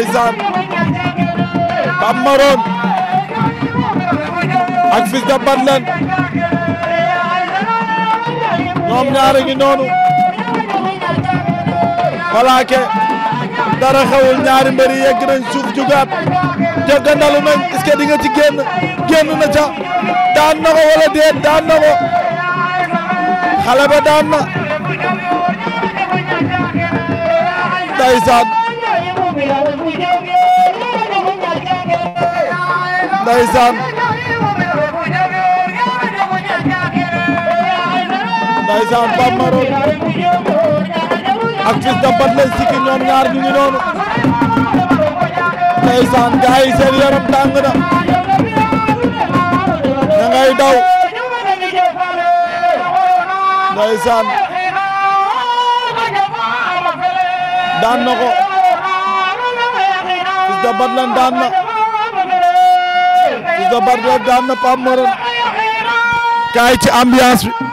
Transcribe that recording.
ndeysaan Pape Maron ak Fils de Batlen ñoom ñaari ngi noonu plaqué dara xewul ñaari mbëri yegg nañ suuf jugaat jëggandalu nañ est-ce que di nga ci génn génn na ca daan na ko wala déet daan na ko xale ba daan na ndeysaan Ndeysaan Ndeysaan Pape Maroon ak Fils de Batling Siki ñoom ñaar ñu ngi noonu Ndeysaan gars yi seen yaram tàng na ngay daw Ndeysaan daan na ko Fils de Batlen daan na Fils de Batlen daan na Pape Morène kaay ci ambiance bi